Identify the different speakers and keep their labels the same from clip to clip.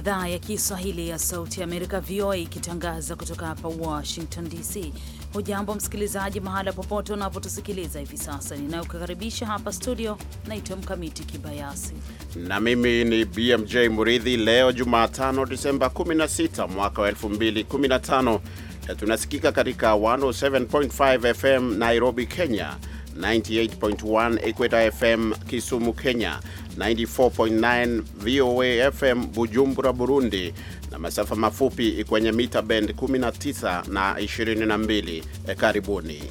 Speaker 1: idhaa ya Kiswahili ya Sauti ya Amerika, VOA, ikitangaza kutoka hapa Washington DC. Hujambo msikilizaji, mahala popote unapotusikiliza hivi sasa. Ninayokukaribisha hapa studio, naitwa Mkamiti Kibayasi
Speaker 2: na mimi ni BMJ Muridhi. Leo Jumatano, Disemba 16 mwaka wa 2015, eh, tunasikika katika 107.5 FM Nairobi, Kenya, 98.1 Equator FM Kisumu, Kenya, 94.9 VOA FM Bujumbura, Burundi na masafa mafupi kwenye mita band 19 na 22. E, karibuni.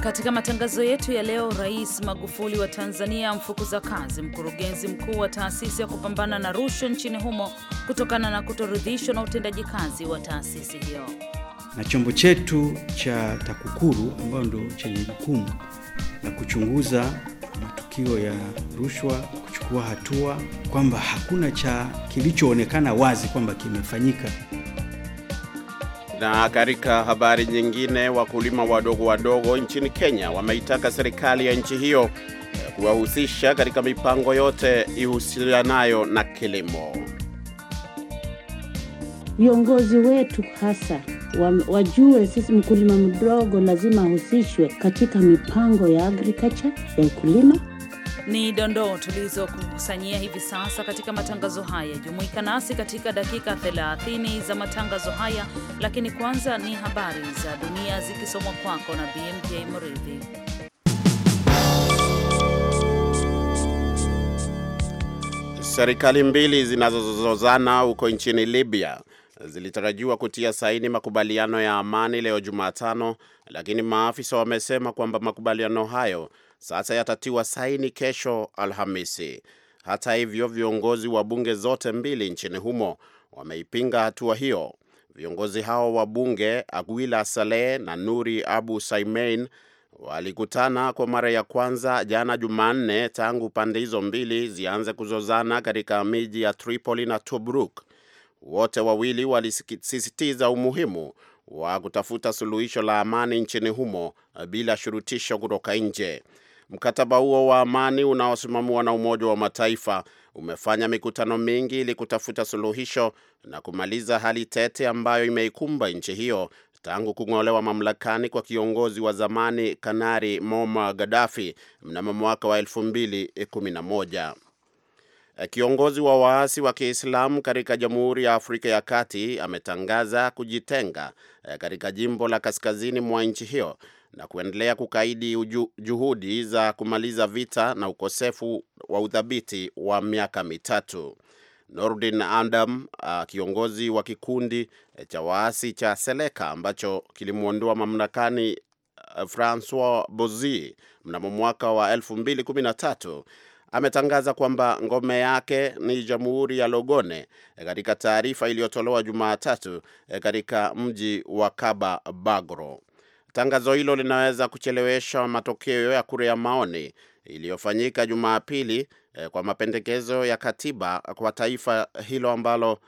Speaker 1: Katika matangazo yetu ya leo, Rais Magufuli wa Tanzania amfukuza kazi mkurugenzi mkuu wa taasisi ya kupambana na rushwa nchini humo kutokana na kutoridhishwa na utendaji kazi wa taasisi hiyo
Speaker 3: na chombo chetu cha TAKUKURU ambayo ndo chenye jukumu la kuchunguza matukio ya rushwa, kuchukua hatua kwamba hakuna cha kilichoonekana wazi kwamba kimefanyika.
Speaker 2: Na katika habari nyingine, wakulima wadogo wadogo nchini Kenya wameitaka serikali ya nchi hiyo kuwahusisha katika mipango yote ihusianayo na kilimo.
Speaker 4: Viongozi wetu hasa wajue sisi mkulima mdogo lazima ahusishwe katika mipango ya agriculture ya ukulima.
Speaker 1: Ni dondoo tulizokukusanyia hivi sasa katika matangazo haya. Jumuika nasi katika dakika 30 za matangazo haya, lakini kwanza ni habari za dunia zikisomwa kwako na BMJ Mridhi.
Speaker 2: Serikali mbili zinazozozana huko nchini Libya zilitarajiwa kutia saini makubaliano ya amani leo Jumatano, lakini maafisa wamesema kwamba makubaliano hayo sasa yatatiwa saini kesho Alhamisi. Hata hivyo, viongozi wa bunge zote mbili nchini humo wameipinga hatua hiyo. Viongozi hao wa bunge Aguila Saleh na Nuri Abu Saimein walikutana kwa mara ya kwanza jana Jumanne tangu pande hizo mbili zianze kuzozana katika miji ya Tripoli na Tobruk. Wote wawili walisisitiza umuhimu wa kutafuta suluhisho la amani nchini humo eh, bila shurutisho kutoka nje. Mkataba huo wa amani unaosimamiwa na Umoja wa Mataifa umefanya mikutano mingi ili kutafuta suluhisho na kumaliza hali tete ambayo imeikumba nchi hiyo tangu kung'olewa mamlakani kwa kiongozi wa zamani Kanari Moma Gaddafi mnamo mwaka wa 2011. Eh, kiongozi wa waasi wa Kiislamu katika Jamhuri ya Afrika ya Kati ametangaza kujitenga eh, katika jimbo la kaskazini mwa nchi hiyo na kuendelea kukaidi juhudi za kumaliza vita na ukosefu wa uthabiti wa miaka mitatu. Nordin Adam, ah, kiongozi wa kikundi eh, cha waasi cha Seleka ambacho kilimwondoa mamlakani Francois Bozi mnamo mwaka wa 2013 ametangaza kwamba ngome yake ni jamhuri ya Logone eh, katika taarifa iliyotolewa Jumatatu eh, katika mji wa Kaba Bagro. Tangazo hilo linaweza kuchelewesha matokeo ya kura ya maoni iliyofanyika Jumapili eh, kwa mapendekezo ya katiba kwa taifa hilo ambalo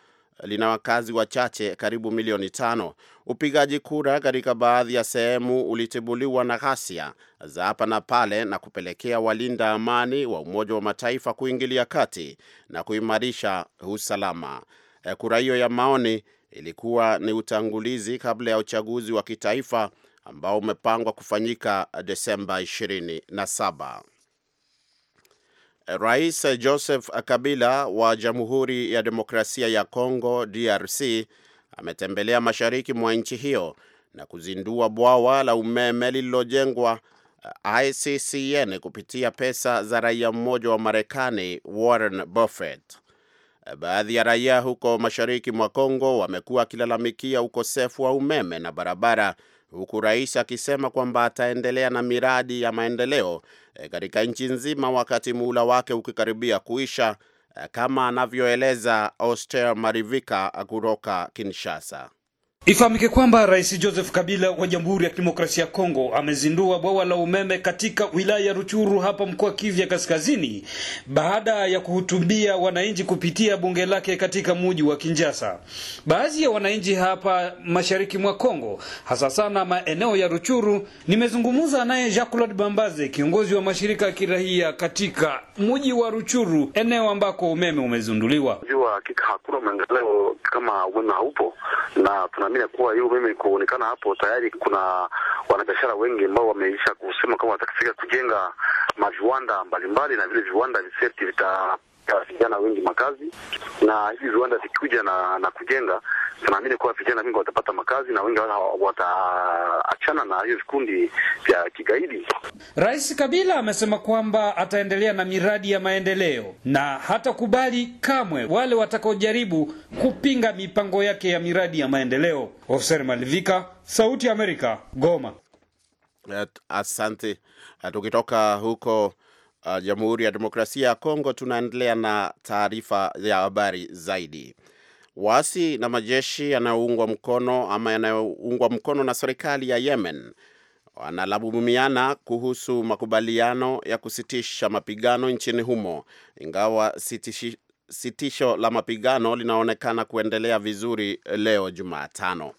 Speaker 2: lina wakazi wachache karibu milioni tano. Upigaji kura katika baadhi ya sehemu ulitibuliwa na ghasia za hapa na pale na kupelekea walinda amani wa Umoja wa Mataifa kuingilia kati na kuimarisha usalama. Eh, kura hiyo ya maoni ilikuwa ni utangulizi kabla ya uchaguzi wa kitaifa ambao umepangwa kufanyika Desemba 27. Rais Joseph Kabila wa Jamhuri ya Demokrasia ya congo DRC ametembelea mashariki mwa nchi hiyo na kuzindua bwawa la umeme lililojengwa uh, ICCN kupitia pesa za raia mmoja wa Marekani Warren Buffett. Uh, baadhi ya raia huko mashariki mwa Kongo wamekuwa wakilalamikia ukosefu wa umeme na barabara huku rais akisema kwamba ataendelea na miradi ya maendeleo eh, katika nchi nzima wakati muhula wake ukikaribia kuisha, eh, kama anavyoeleza Oster Marivika kutoka Kinshasa.
Speaker 5: Ifahamike kwamba Rais Joseph Kabila wa Jamhuri ya Kidemokrasia ya Kongo amezindua bwawa la umeme katika wilaya ya Ruchuru hapa mkoa Kivu ya Kaskazini baada ya kuhutubia wananchi kupitia bunge lake katika muji wa Kinshasa. Baadhi ya wananchi hapa mashariki mwa Kongo, hasa sana maeneo ya Ruchuru, nimezungumza naye Jacques-Claude Bambaze, kiongozi wa mashirika ya kirahia katika muji wa Ruchuru, eneo ambako umeme umezunduliwa.
Speaker 6: Jua hakika hakuna maendeleo kama wema haupo
Speaker 2: na tunami naamini ya kuwa hiyo umeme kuonekana hapo tayari, kuna wanabiashara wengi ambao wameisha
Speaker 6: kusema kama watakifika kujenga maviwanda mbalimbali na vile viwanda viseti vita ya vijana wengi makazi, na hivi viwanda vikuja na, na kujenga, tunaamini kuwa vijana wengi watapata makazi na wengi wataachana na hiyo vikundi vya kigaidi.
Speaker 5: Rais Kabila amesema kwamba ataendelea na miradi ya maendeleo na hatakubali kamwe wale watakaojaribu kupinga mipango yake ya miradi ya maendeleo. Ofser Malivika, Sauti ya Amerika, Goma.
Speaker 2: Asante. Tukitoka huko Uh, Jamhuri ya Demokrasia ya Kongo, tunaendelea na taarifa ya habari zaidi. Waasi na majeshi yanayoungwa mkono ama yanayoungwa mkono na serikali ya Yemen wanalabumiana kuhusu makubaliano ya kusitisha mapigano nchini humo, ingawa sitishi, sitisho la mapigano linaonekana kuendelea vizuri leo Jumatano.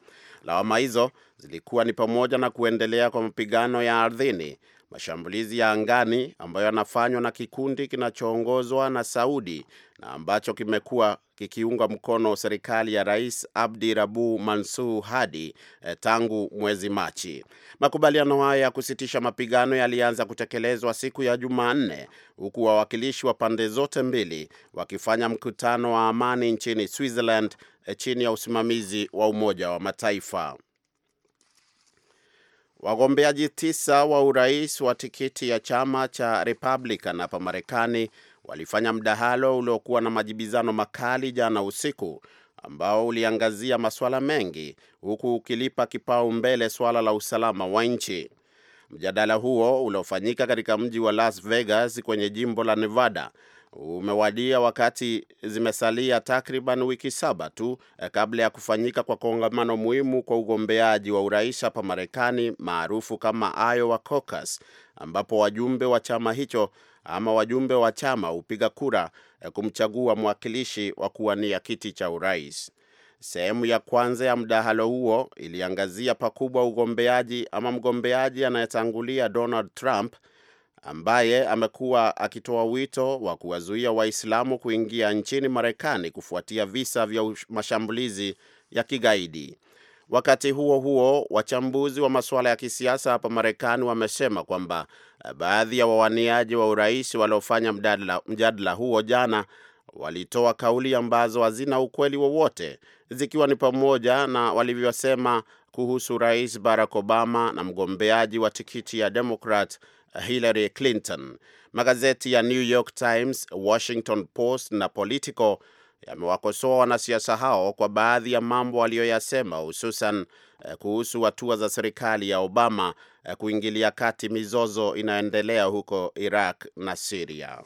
Speaker 2: Lawama hizo zilikuwa ni pamoja na kuendelea kwa mapigano ya ardhini Mashambulizi ya angani ambayo yanafanywa na kikundi kinachoongozwa na Saudi na ambacho kimekuwa kikiunga mkono serikali ya Rais Abdi Rabu Mansur Hadi eh, tangu mwezi Machi. Makubaliano haya ya kusitisha mapigano yalianza kutekelezwa siku ya Jumanne, huku wawakilishi wa pande zote mbili wakifanya mkutano wa amani nchini Switzerland eh, chini ya usimamizi wa Umoja wa Mataifa. Wagombeaji tisa wa urais wa tikiti ya chama cha Republican hapa Marekani walifanya mdahalo uliokuwa na majibizano makali jana usiku ambao uliangazia masuala mengi huku ukilipa kipaumbele suala la usalama wa nchi. Mjadala huo uliofanyika katika mji wa Las Vegas kwenye jimbo la Nevada umewadia wakati zimesalia takriban wiki saba tu eh, kabla ya kufanyika kwa kongamano muhimu kwa ugombeaji wa urais hapa Marekani maarufu kama Iowa Caucus, ambapo wajumbe wa chama hicho ama wajumbe wa chama hupiga kura eh, kumchagua mwakilishi wa kuwania kiti cha urais. Sehemu ya kwanza ya mdahalo huo iliangazia pakubwa ugombeaji ama mgombeaji anayetangulia Donald Trump ambaye amekuwa akitoa wito wa kuwazuia Waislamu kuingia nchini Marekani kufuatia visa vya mashambulizi ya kigaidi. Wakati huo huo, wachambuzi wa masuala ya kisiasa hapa Marekani wamesema kwamba eh, baadhi ya wawaniaji wa urais waliofanya mjadala, huo jana walitoa kauli ambazo hazina ukweli wowote, zikiwa ni pamoja na walivyosema kuhusu Rais Barack Obama na mgombeaji wa tikiti ya Demokrat Hillary Clinton. Magazeti ya New York Times, Washington Post na Politico yamewakosoa wanasiasa hao kwa baadhi ya mambo waliyoyasema, hususan eh, kuhusu hatua za serikali ya Obama eh, kuingilia kati mizozo inayoendelea huko Iraq na Siria.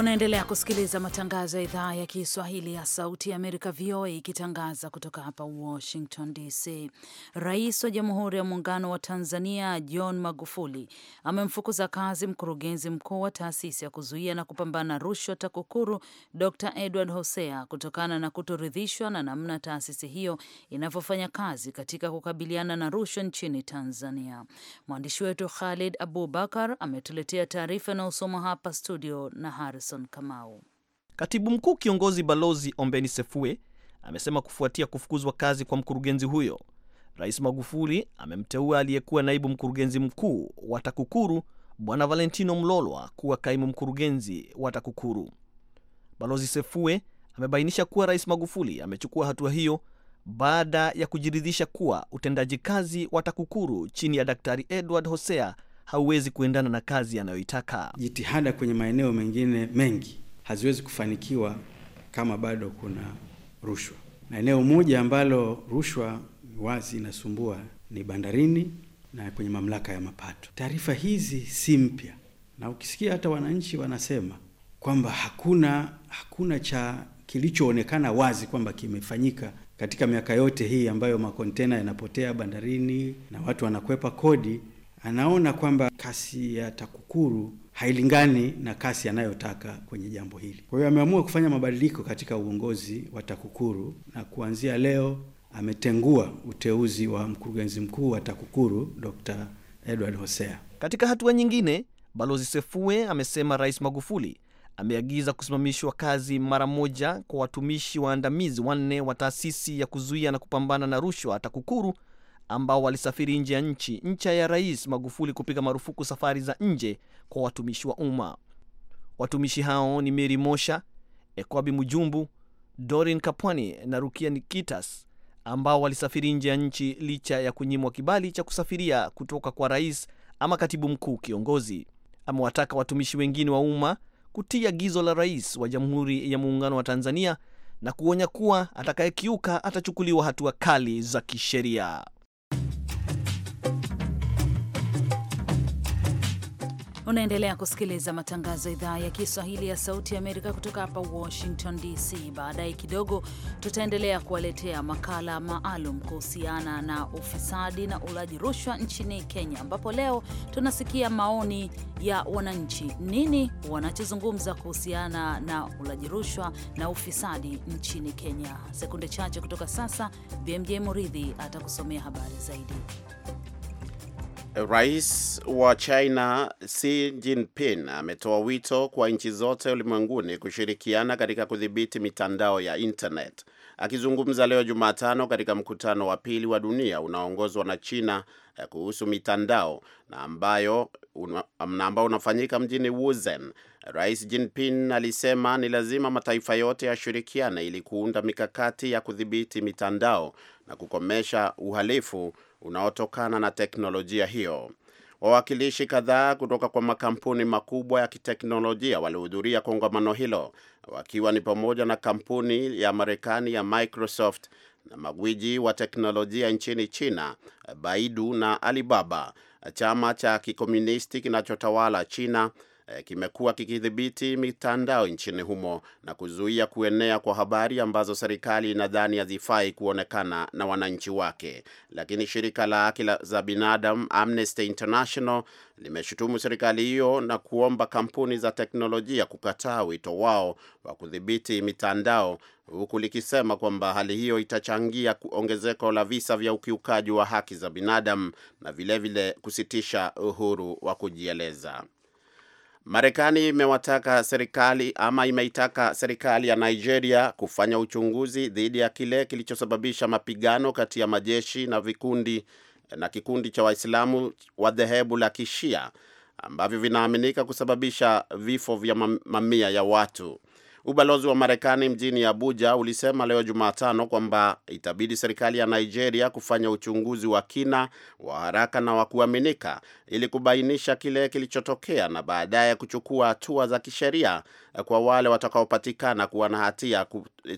Speaker 1: Unaendelea kusikiliza matangazo ya idhaa ya Kiswahili ya Sauti ya Amerika, VOA, ikitangaza kutoka hapa Washington DC. Rais wa Jamhuri ya Muungano wa Tanzania John Magufuli amemfukuza kazi mkurugenzi mkuu wa taasisi ya kuzuia na kupambana rushwa TAKUKURU, Dr Edward Hosea, kutokana na kutoridhishwa na namna taasisi hiyo inavyofanya kazi katika kukabiliana na rushwa nchini Tanzania. Mwandishi wetu Khalid Abubakar ametuletea taarifa inayosoma hapa studio na Haris Harrison Kamau.
Speaker 6: Katibu mkuu kiongozi Balozi Ombeni Sefue amesema kufuatia kufukuzwa kazi kwa mkurugenzi huyo, Rais Magufuli amemteua aliyekuwa naibu mkurugenzi mkuu wa TAKUKURU Bwana Valentino Mlolwa kuwa kaimu mkurugenzi wa TAKUKURU. Balozi Sefue amebainisha kuwa Rais Magufuli amechukua hatua hiyo baada ya kujiridhisha kuwa utendaji kazi wa TAKUKURU chini ya Daktari Edward Hosea hauwezi kuendana na kazi anayoitaka. Jitihada kwenye maeneo mengine mengi haziwezi
Speaker 3: kufanikiwa kama bado kuna rushwa, na eneo moja ambalo rushwa wazi inasumbua ni bandarini na kwenye mamlaka ya mapato. Taarifa hizi si mpya, na ukisikia hata wananchi wanasema kwamba hakuna hakuna cha kilichoonekana wazi kwamba kimefanyika katika miaka yote hii ambayo makontena yanapotea bandarini na watu wanakwepa kodi, anaona kwamba kasi ya TAKUKURU hailingani na kasi anayotaka kwenye jambo hili. Kwa hiyo ameamua kufanya mabadiliko katika uongozi wa TAKUKURU na kuanzia leo ametengua
Speaker 6: uteuzi wa mkurugenzi mkuu wa TAKUKURU Dr. Edward Hosea. Katika hatua nyingine, Balozi Sefue amesema Rais Magufuli ameagiza kusimamishwa kazi mara moja kwa watumishi waandamizi wanne wa taasisi ya kuzuia na kupambana na rushwa TAKUKURU ambao walisafiri nje ya nchi, ncha ya Rais Magufuli kupiga marufuku safari za nje kwa watumishi wa umma. Watumishi hao ni Meri Mosha, Ekwabi Mujumbu, Dorin Kapwani na Rukia Nikitas ambao walisafiri nje ya nchi licha ya kunyimwa kibali cha kusafiria kutoka kwa rais ama katibu mkuu kiongozi. Amewataka watumishi wengine wa umma kutii agizo la rais wa Jamhuri ya Muungano wa Tanzania na kuonya kuwa atakayekiuka atachukuliwa hatua kali za kisheria.
Speaker 1: Unaendelea kusikiliza matangazo ya idhaa ya Kiswahili ya Sauti ya Amerika kutoka hapa Washington DC. Baadaye kidogo tutaendelea kuwaletea makala maalum kuhusiana na ufisadi na ulaji rushwa nchini Kenya, ambapo leo tunasikia maoni ya wananchi, nini wanachozungumza kuhusiana na ulaji rushwa na ufisadi nchini Kenya. Sekunde chache kutoka sasa, BMJ Muridhi atakusomea habari zaidi.
Speaker 2: Rais wa China Xi Jinping ametoa wito kwa nchi zote ulimwenguni kushirikiana katika kudhibiti mitandao ya internet. Akizungumza leo Jumatano katika mkutano wa pili wa dunia unaoongozwa na China eh, kuhusu mitandao na ambayo una, ambao unafanyika mjini Wuhan, Rais Jinping alisema ni lazima mataifa yote yashirikiane ili kuunda mikakati ya kudhibiti mitandao na kukomesha uhalifu unaotokana na teknolojia hiyo. Wawakilishi kadhaa kutoka kwa makampuni makubwa ya kiteknolojia walihudhuria kongamano hilo, wakiwa ni pamoja na kampuni ya Marekani ya Microsoft na magwiji wa teknolojia nchini China, Baidu na Alibaba, chama cha kikomunisti kinachotawala China Eh, kimekuwa kikidhibiti mitandao nchini humo na kuzuia kuenea kwa habari ambazo serikali inadhani hazifai kuonekana na wananchi wake. Lakini shirika la haki za binadamu Amnesty International limeshutumu serikali hiyo na kuomba kampuni za teknolojia kukataa wito wao wa kudhibiti mitandao, huku likisema kwamba hali hiyo itachangia ongezeko la visa vya ukiukaji wa haki za binadamu na vilevile vile kusitisha uhuru wa kujieleza. Marekani imewataka serikali ama imeitaka serikali ya Nigeria kufanya uchunguzi dhidi ya kile kilichosababisha mapigano kati ya majeshi na vikundi na kikundi cha Waislamu wa dhehebu la Kishia ambavyo vinaaminika kusababisha vifo vya mamia ya watu. Ubalozi wa Marekani mjini Abuja ulisema leo Jumatano kwamba itabidi serikali ya Nigeria kufanya uchunguzi wa kina wa haraka na wa kuaminika ili kubainisha kile kilichotokea na baadaye kuchukua hatua za kisheria kwa wale watakaopatikana kuwa na hatia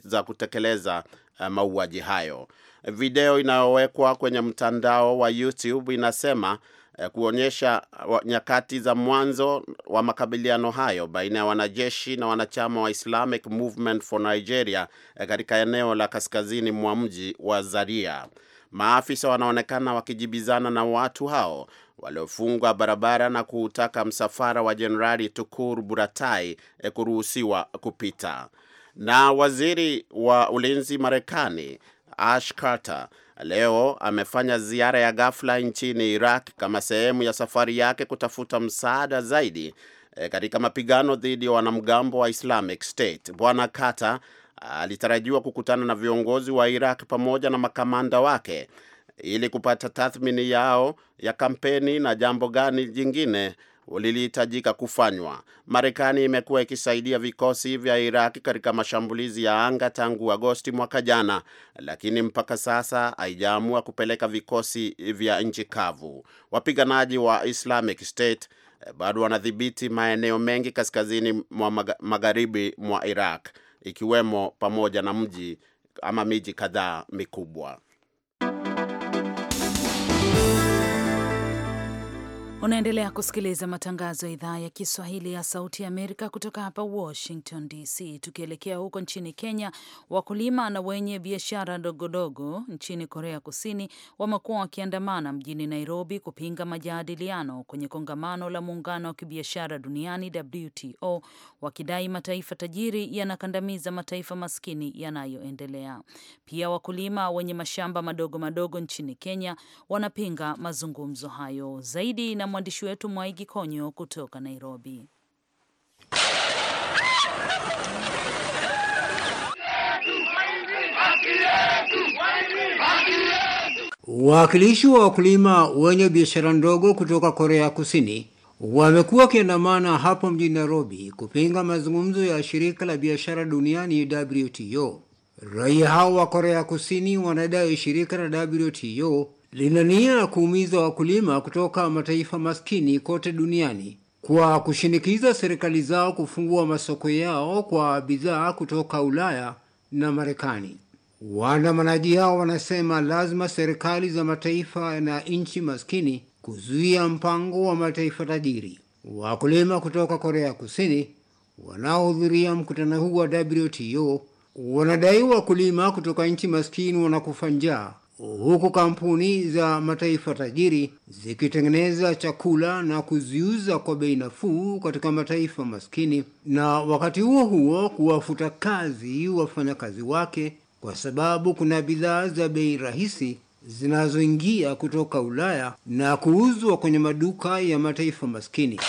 Speaker 2: za kutekeleza eh, mauaji hayo. Video inayowekwa kwenye mtandao wa YouTube inasema Eh, kuonyesha eh, nyakati za mwanzo wa makabiliano hayo baina ya wanajeshi na wanachama wa Islamic Movement for Nigeria eh, katika eneo la kaskazini mwa mji wa Zaria. Maafisa wanaonekana wakijibizana na watu hao waliofungwa barabara na kuutaka msafara wa Jenerali Tukur Buratai kuruhusiwa kupita. Na waziri wa ulinzi Marekani Ash Carter leo amefanya ziara ya ghafla nchini Iraq kama sehemu ya safari yake kutafuta msaada zaidi e, katika mapigano dhidi ya wanamgambo wa Islamic State. Bwana Kata alitarajiwa kukutana na viongozi wa Iraq pamoja na makamanda wake ili kupata tathmini yao ya kampeni na jambo gani jingine lilihitajika kufanywa. Marekani imekuwa ikisaidia vikosi vya Iraq katika mashambulizi ya anga tangu Agosti mwaka jana, lakini mpaka sasa haijaamua kupeleka vikosi vya nchi kavu. Wapiganaji wa Islamic State eh, bado wanadhibiti maeneo mengi kaskazini mwa magharibi mwa Iraq, ikiwemo pamoja na mji ama miji kadhaa mikubwa.
Speaker 1: Unaendelea kusikiliza matangazo ya idhaa ya Kiswahili ya Sauti ya Amerika kutoka hapa Washington DC. Tukielekea huko nchini Kenya, wakulima na wenye biashara ndogondogo nchini Korea Kusini wamekuwa wakiandamana mjini Nairobi kupinga majadiliano kwenye kongamano la muungano wa kibiashara duniani WTO, wakidai mataifa tajiri yanakandamiza mataifa maskini yanayoendelea. Pia wakulima wenye mashamba madogo madogo nchini Kenya wanapinga mazungumzo hayo zaidi na mwandishi wetu Mwaigi Konyo kutoka Nairobi.
Speaker 7: Wawakilishi wa wakulima wenye biashara ndogo kutoka Korea Kusini wamekuwa wakiandamana hapo mjini Nairobi kupinga mazungumzo ya shirika la biashara duniani WTO. Raia hao wa Korea Kusini wanadai shirika la WTO lina nia ya kuumiza wakulima kutoka mataifa maskini kote duniani kwa kushinikiza serikali zao kufungua masoko yao kwa bidhaa kutoka Ulaya na Marekani. Waandamanaji hao wanasema lazima serikali za mataifa na nchi maskini kuzuia mpango wa mataifa tajiri. Wakulima kutoka Korea Kusini wanaohudhuria mkutano huu wa WTO wanadaiwa wakulima kutoka nchi maskini wanakufa njaa huku kampuni za mataifa tajiri zikitengeneza chakula na kuziuza kwa bei nafuu katika mataifa maskini, na wakati huo huo kuwafuta kazi wafanyakazi wake, kwa sababu kuna bidhaa za bei rahisi zinazoingia kutoka Ulaya na kuuzwa kwenye maduka ya mataifa maskini.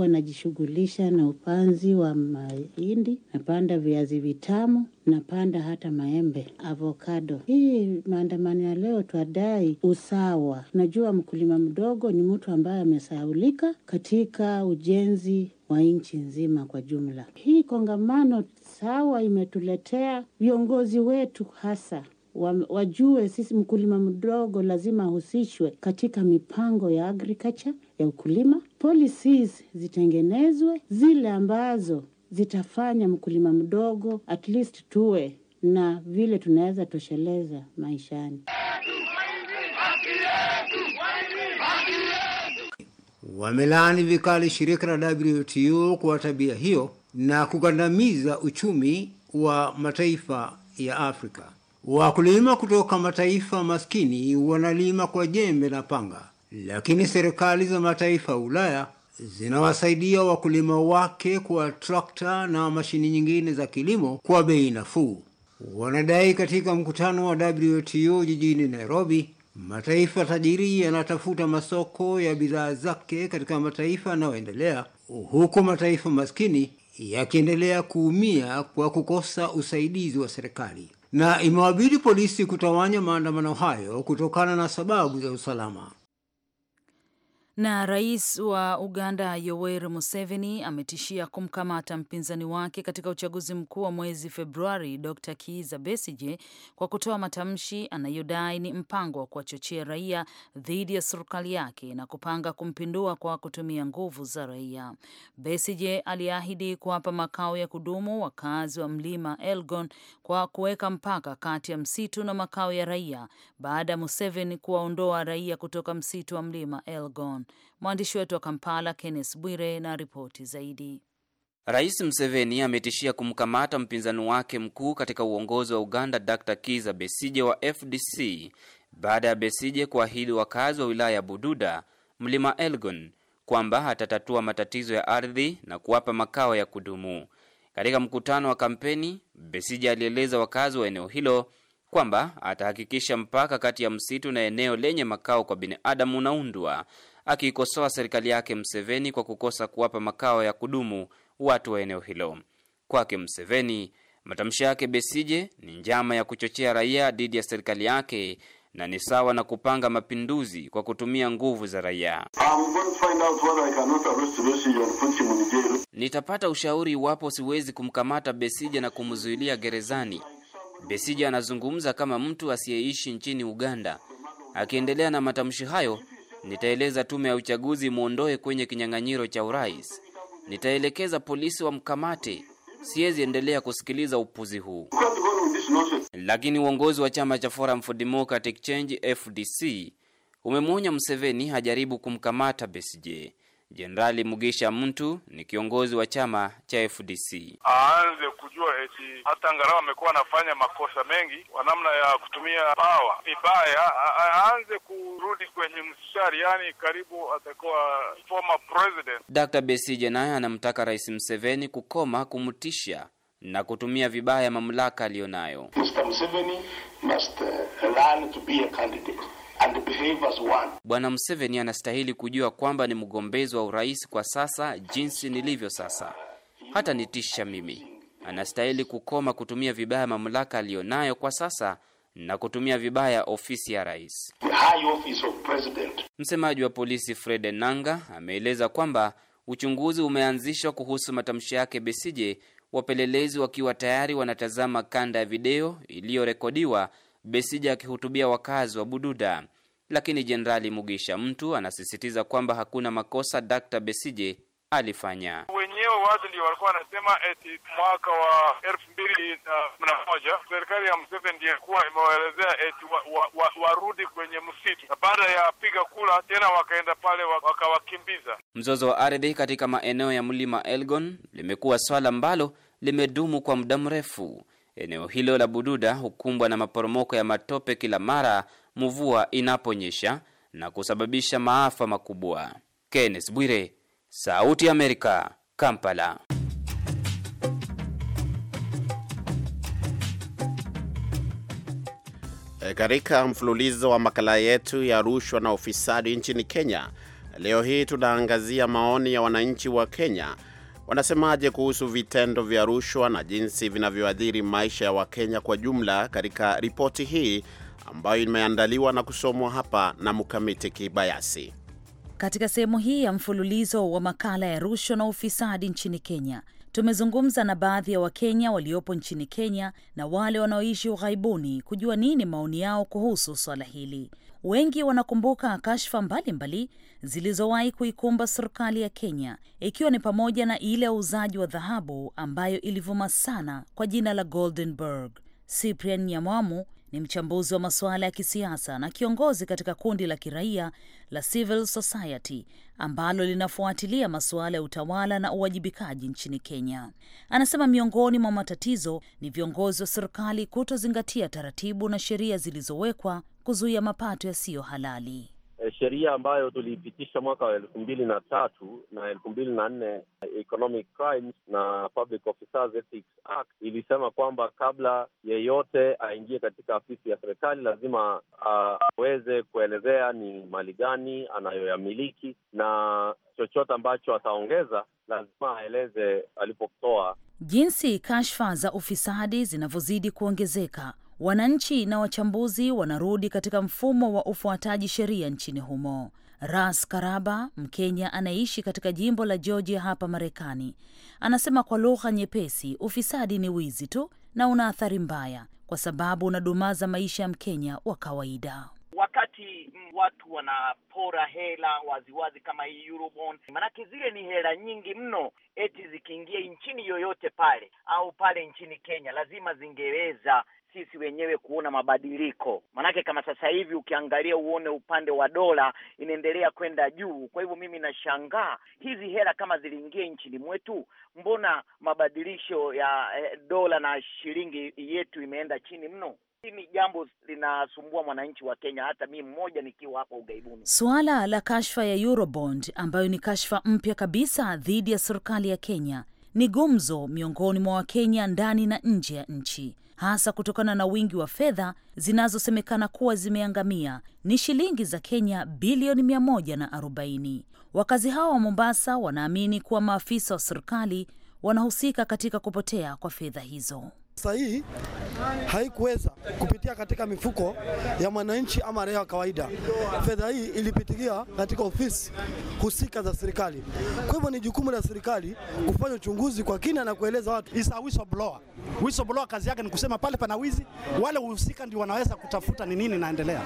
Speaker 4: huwa najishughulisha na upanzi wa mahindi, napanda viazi vitamu, napanda hata maembe, avocado. Hii maandamano ya leo twadai usawa. Najua mkulima mdogo ni mtu ambaye amesahaulika katika ujenzi wa nchi nzima kwa jumla. Hii kongamano sawa imetuletea viongozi wetu hasa wajue sisi mkulima mdogo lazima ahusishwe katika mipango ya agriculture ya ukulima. Policies zitengenezwe zile ambazo zitafanya mkulima mdogo at least tuwe na vile tunaweza tosheleza maishani.
Speaker 7: Wamelaani vikali shirika la WTO kwa tabia hiyo na kukandamiza uchumi wa mataifa ya Afrika. Wakulima kutoka mataifa maskini wanalima kwa jembe na panga, lakini serikali za mataifa ya Ulaya zinawasaidia wakulima wake kwa trakta na mashini nyingine za kilimo kwa bei nafuu. Wanadai katika mkutano wa WTO jijini Nairobi, mataifa tajiri yanatafuta masoko ya bidhaa zake katika mataifa yanayoendelea, huku mataifa maskini yakiendelea kuumia kwa kukosa usaidizi wa serikali na imewabidi polisi kutawanya maandamano hayo kutokana na sababu za usalama.
Speaker 1: Na rais wa Uganda Yoweri Museveni ametishia kumkamata mpinzani wake katika uchaguzi mkuu wa mwezi Februari, Dr Kiiza Besije, kwa kutoa matamshi anayodai ni mpango wa kuwachochea raia dhidi ya serikali yake na kupanga kumpindua kwa kutumia nguvu za raia. Besije aliahidi kuwapa makao ya kudumu wakazi wa mlima Elgon kwa kuweka mpaka kati ya msitu na makao ya raia baada ya Museveni kuwaondoa raia kutoka msitu wa mlima Elgon. Mwandishi wetu wa Kampala, Kenneth Bwire, na ripoti zaidi.
Speaker 5: Rais Museveni ametishia kumkamata mpinzani wake mkuu katika uongozi wa Uganda, Dr Kiza Besije wa FDC baada ya Besije kuahidi wakazi wa wilaya ya Bududa, mlima Elgon kwamba atatatua matatizo ya ardhi na kuwapa makao ya kudumu. Katika mkutano wa kampeni, Besije alieleza wakazi wa eneo hilo kwamba atahakikisha mpaka kati ya msitu na eneo lenye makao kwa binadamu unaundwa akiikosoa serikali yake Mseveni kwa kukosa kuwapa makao ya kudumu watu wa eneo hilo. Kwake Mseveni, matamshi yake Besije ni njama ya kuchochea raia dhidi ya serikali yake na ni sawa na kupanga mapinduzi kwa kutumia nguvu za raia. Nitapata ushauri iwapo siwezi kumkamata Besije na kumzuilia gerezani. Besije anazungumza kama mtu asiyeishi nchini Uganda. Akiendelea na matamshi hayo Nitaeleza tume ya uchaguzi mwondoe kwenye kinyang'anyiro cha urais. Nitaelekeza polisi wamkamate. Siwezi endelea kusikiliza upuzi huu. Lakini uongozi wa chama cha Forum for Democratic Change FDC umemwonya mseveni hajaribu kumkamata Besigye. Jenerali Mugisha Muntu ni kiongozi wa chama cha FDC. Aanze kujua eti hata angalau amekuwa anafanya makosa mengi kwa namna ya kutumia pawa vibaya, aanze kurudi kwenye mstari, yani karibu atakuwa former president. Dr. besi naye anamtaka Rais Mseveni kukoma kumtisha na kutumia vibaya mamlaka aliyonayo.
Speaker 2: Mr. Mseveni must learn to be a candidate and behave as one.
Speaker 5: Bwana Museveni anastahili kujua kwamba ni mgombezi wa urais kwa sasa jinsi nilivyo sasa. Hata nitisha mimi. Anastahili kukoma kutumia vibaya mamlaka aliyonayo kwa sasa na kutumia vibaya ofisi ya rais.
Speaker 2: The high office of president.
Speaker 5: Msemaji wa polisi Fred nanga ameeleza kwamba uchunguzi umeanzishwa kuhusu matamshi yake Besije, wapelelezi wakiwa tayari wanatazama kanda ya video iliyorekodiwa Besija akihutubia wakazi wa Bududa. Lakini Jenerali Mugisha Mtu anasisitiza kwamba hakuna makosa Dr. Besije alifanya. Wenyewe watu ndio walikuwa wanasema eti mwaka wa elfu mbili na kumi na moja serikali ya Museveni ndiyo kuwa imewaelezea eti warudi wa, wa, wa kwenye msitu, na baada ya piga kula tena wakaenda pale wakawakimbiza. Mzozo wa ardhi katika maeneo ya mlima Elgon limekuwa swala ambalo limedumu kwa muda mrefu. Eneo hilo la Bududa hukumbwa na maporomoko ya matope kila mara mvua inaponyesha na kusababisha maafa makubwa. Kenneth Bwire, Sauti ya Amerika,
Speaker 2: Kampala. E, katika mfululizo wa makala yetu ya rushwa na ufisadi nchini Kenya, leo hii tunaangazia maoni ya wananchi wa Kenya wanasemaje kuhusu vitendo vya rushwa na jinsi vinavyoathiri maisha ya Wakenya kwa jumla katika ripoti hii ambayo imeandaliwa na kusomwa hapa na Mkamiti Kibayasi.
Speaker 1: Katika sehemu hii ya mfululizo wa makala ya rushwa na ufisadi nchini Kenya, tumezungumza na baadhi ya Wakenya waliopo nchini Kenya na wale wanaoishi ughaibuni kujua nini maoni yao kuhusu swala hili. Wengi wanakumbuka kashfa mbalimbali zilizowahi kuikumba serikali ya Kenya, ikiwa ni pamoja na ile ya uuzaji wa dhahabu ambayo ilivuma sana kwa jina la Goldenberg. Cyprian Nyamwamu ni mchambuzi wa masuala ya kisiasa na kiongozi katika kundi la kiraia la Civil Society ambalo linafuatilia masuala ya utawala na uwajibikaji nchini Kenya. Anasema miongoni mwa matatizo ni viongozi wa serikali kutozingatia taratibu na sheria zilizowekwa kuzuia mapato yasiyo halali.
Speaker 2: E, sheria ambayo tuliipitisha mwaka wa elfu mbili na tatu na elfu mbili na nne Economic Crimes na Public Officers Ethics Act ilisema kwamba kabla yeyote aingie katika afisi ya serikali lazima aweze kuelezea ni mali gani anayoyamiliki na chochote ambacho ataongeza lazima aeleze alipotoa.
Speaker 1: Jinsi kashfa za ufisadi zinavyozidi kuongezeka Wananchi na wachambuzi wanarudi katika mfumo wa ufuataji sheria nchini humo. Ras Karaba, Mkenya anayeishi katika jimbo la Georgia hapa Marekani, anasema kwa lugha nyepesi, ufisadi ni wizi tu na una athari mbaya, kwa sababu unadumaza maisha ya Mkenya wa kawaida.
Speaker 6: Wakati watu wanapora hela waziwazi wazi kama hii Eurobond, manake zile ni hela nyingi mno, eti zikiingia nchini yoyote pale au pale nchini Kenya lazima zingeweza sisi wenyewe kuona mabadiliko. Maanake kama sasa hivi ukiangalia uone upande wa dola inaendelea kwenda juu. Kwa hivyo mimi nashangaa hizi hela kama ziliingia nchini mwetu, mbona mabadilisho ya eh, dola na shilingi yetu imeenda chini mno? Hii ni jambo linasumbua mwananchi wa Kenya, hata mimi mmoja nikiwa hapa ugaibuni.
Speaker 1: Suala la kashfa ya Eurobond ambayo ni kashfa mpya kabisa dhidi ya serikali ya Kenya ni gumzo miongoni mwa Wakenya ndani na nje ya nchi hasa kutokana na wingi wa fedha zinazosemekana kuwa zimeangamia ni shilingi za Kenya bilioni 140. Wakazi hao wa Mombasa wanaamini kuwa maafisa wa serikali wanahusika katika kupotea kwa fedha hizo.
Speaker 3: Sasa hii haikuweza kupitia katika mifuko ya mwananchi ama raia wa kawaida. Fedha hii ilipitikia katika ofisi husika za serikali. Kwa hivyo ni jukumu la serikali kufanya uchunguzi kwa kina na kueleza watu. Isa whistleblower. Whistleblower kazi yake ni kusema pale pana wizi, wale husika ndio wanaweza kutafuta ni nini naendelea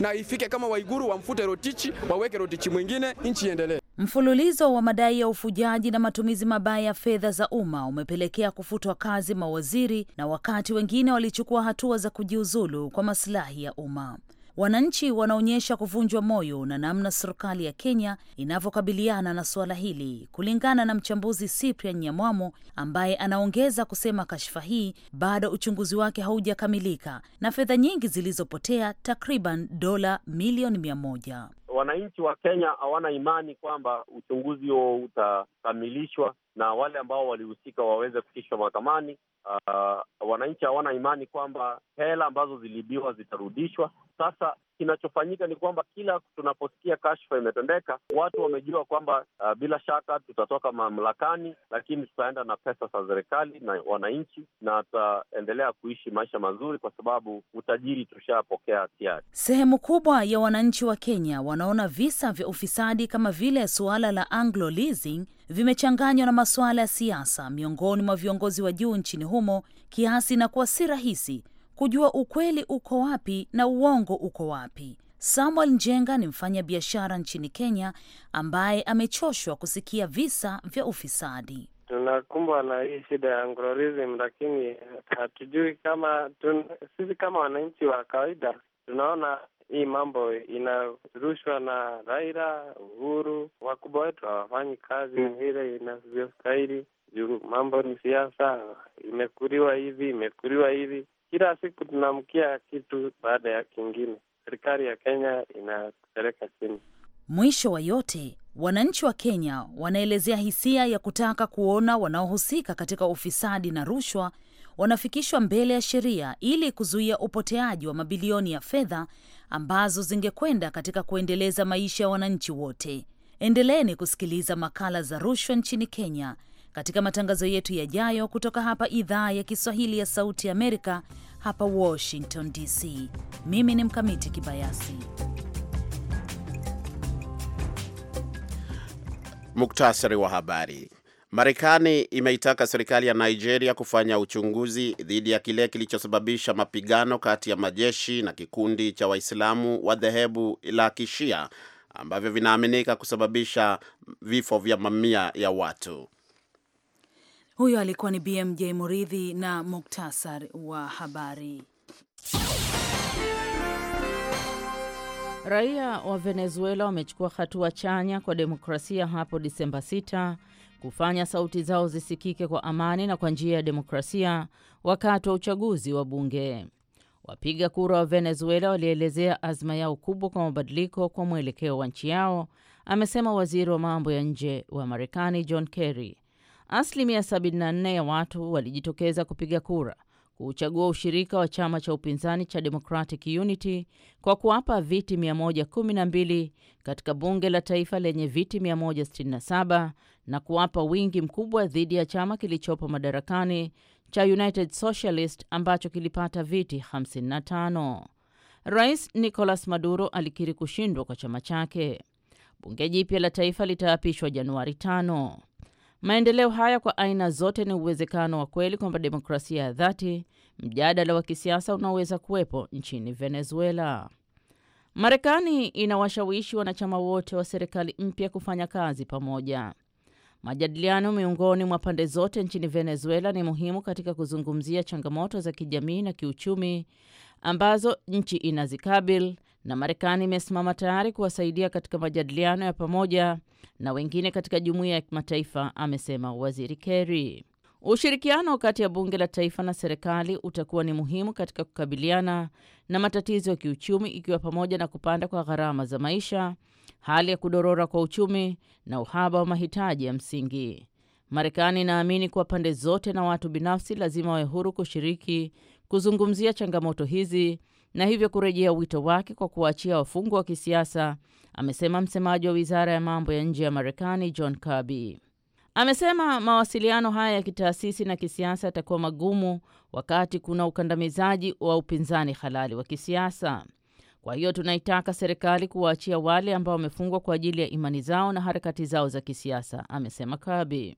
Speaker 3: na ifike kama Waiguru wamfute rotichi waweke rotichi mwingine, nchi iendelee.
Speaker 1: Mfululizo wa madai ya ufujaji na matumizi mabaya ya fedha za umma umepelekea kufutwa kazi mawaziri na wakati wengine walichukua hatua za kujiuzulu kwa masilahi ya umma. Wananchi wanaonyesha kuvunjwa moyo na namna serikali ya Kenya inavyokabiliana na suala hili, kulingana na mchambuzi Cyprian Nyamwamo ambaye anaongeza kusema kashfa hii bado uchunguzi wake haujakamilika na fedha nyingi zilizopotea takriban dola milioni mia moja
Speaker 2: wananchi wa Kenya hawana imani kwamba uchunguzi huo utakamilishwa na wale ambao walihusika waweze kufikishwa mahakamani. Uh, wananchi hawana imani kwamba hela ambazo ziliibiwa zitarudishwa. Sasa kinachofanyika ni kwamba kila tunaposikia kashfa imetendeka, watu wamejua kwamba uh, bila shaka tutatoka mamlakani, lakini tutaenda na pesa za serikali na wananchi, na tutaendelea kuishi maisha mazuri, kwa sababu utajiri tushapokea tayari. Sehemu
Speaker 1: kubwa ya wananchi wa Kenya wanaona visa vya ufisadi kama vile suala la Anglo Leasing vimechanganywa na masuala ya siasa miongoni mwa viongozi wa juu nchini humo, kiasi na kuwa si rahisi kujua ukweli uko wapi na uongo uko wapi. Samuel Njenga ni mfanya biashara nchini Kenya ambaye amechoshwa kusikia visa vya ufisadi.
Speaker 3: Tunakumbwa na hii shida ya nglorism, lakini hatujui kama tun, sisi kama wananchi wa kawaida tunaona hii mambo inarushwa na Raila, Uhuru. Wakubwa wetu hawafanyi kazi hmm. vile inavyostahili juu mambo ni siasa, imekuliwa hivi, imekuliwa hivi. Kila siku tunaamkia kitu baada ya kingine, serikali ya Kenya inatupeleka
Speaker 1: chini. Mwisho wa yote, wananchi wa Kenya wanaelezea hisia ya kutaka kuona wanaohusika katika ufisadi na rushwa wanafikishwa mbele ya sheria ili kuzuia upoteaji wa mabilioni ya fedha ambazo zingekwenda katika kuendeleza maisha ya wananchi wote. Endeleeni kusikiliza makala za rushwa nchini Kenya katika matangazo yetu yajayo kutoka hapa idhaa ya Kiswahili ya Sauti ya Amerika, hapa Washington DC. Mimi ni Mkamiti Kibayasi.
Speaker 2: Muktasari wa habari. Marekani imeitaka serikali ya Nigeria kufanya uchunguzi dhidi ya kile kilichosababisha mapigano kati ya majeshi na kikundi cha Waislamu wa dhehebu la Kishia ambavyo vinaaminika kusababisha vifo vya mamia ya watu.
Speaker 1: Huyo alikuwa ni BMJ Muridhi na muktasar wa habari.
Speaker 8: Raia wa Venezuela wamechukua hatua chanya kwa demokrasia hapo Disemba 6 kufanya sauti zao zisikike kwa amani na kwa njia ya demokrasia wakati wa uchaguzi wa bunge. Wapiga kura wa Venezuela walielezea azma yao kubwa kwa mabadiliko kwa mwelekeo wa nchi yao, amesema waziri wa mambo ya nje wa Marekani John Kerry. Asilimia 74 ya watu walijitokeza kupiga kura kuuchagua ushirika wa chama cha upinzani cha Democratic Unity kwa kuwapa viti 112 katika bunge la taifa lenye viti 167 na kuwapa wingi mkubwa dhidi ya chama kilichopo madarakani cha United Socialist ambacho kilipata viti 55. Rais Nicolas Maduro alikiri kushindwa kwa chama chake. Bunge jipya la taifa litaapishwa Januari 5. Maendeleo haya kwa aina zote ni uwezekano wa kweli kwamba demokrasia ya dhati, mjadala wa kisiasa unaoweza kuwepo nchini Venezuela. Marekani inawashawishi wanachama wote wa serikali mpya kufanya kazi pamoja. Majadiliano miongoni mwa pande zote nchini Venezuela ni muhimu katika kuzungumzia changamoto za kijamii na kiuchumi ambazo nchi inazikabili na Marekani imesimama tayari kuwasaidia katika majadiliano ya pamoja na wengine katika jumuiya ya kimataifa, amesema Waziri Kerry. Ushirikiano kati ya bunge la taifa na serikali utakuwa ni muhimu katika kukabiliana na matatizo ya kiuchumi ikiwa pamoja na kupanda kwa gharama za maisha, hali ya kudorora kwa uchumi na uhaba wa mahitaji ya msingi. Marekani inaamini kuwa pande zote na watu binafsi lazima wawe huru kushiriki kuzungumzia changamoto hizi na hivyo kurejea wito wake kwa kuwaachia wafungwa wa kisiasa, amesema msemaji wa wizara ya mambo ya nje ya Marekani John Kirby. Amesema mawasiliano haya ya kitaasisi na kisiasa yatakuwa magumu wakati kuna ukandamizaji wa upinzani halali wa kisiasa. Kwa hiyo tunaitaka serikali kuwaachia wale ambao wamefungwa kwa ajili ya imani zao na harakati zao za kisiasa, amesema Kirby.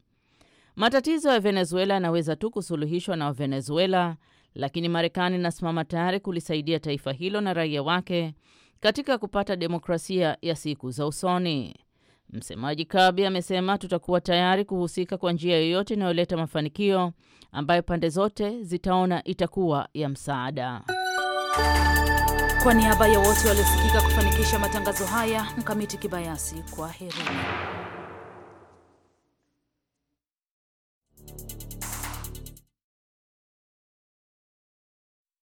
Speaker 8: Matatizo ya Venezuela yanaweza tu kusuluhishwa na Wavenezuela lakini Marekani inasimama tayari kulisaidia taifa hilo na raia wake katika kupata demokrasia ya siku za usoni. Msemaji Kabi amesema tutakuwa tayari kuhusika kwa njia yoyote inayoleta mafanikio ambayo pande zote zitaona itakuwa ya msaada. Kwa niaba ya wote waliosikika kufanikisha matangazo haya,
Speaker 1: Mkamiti Kibayasi, kwa heri.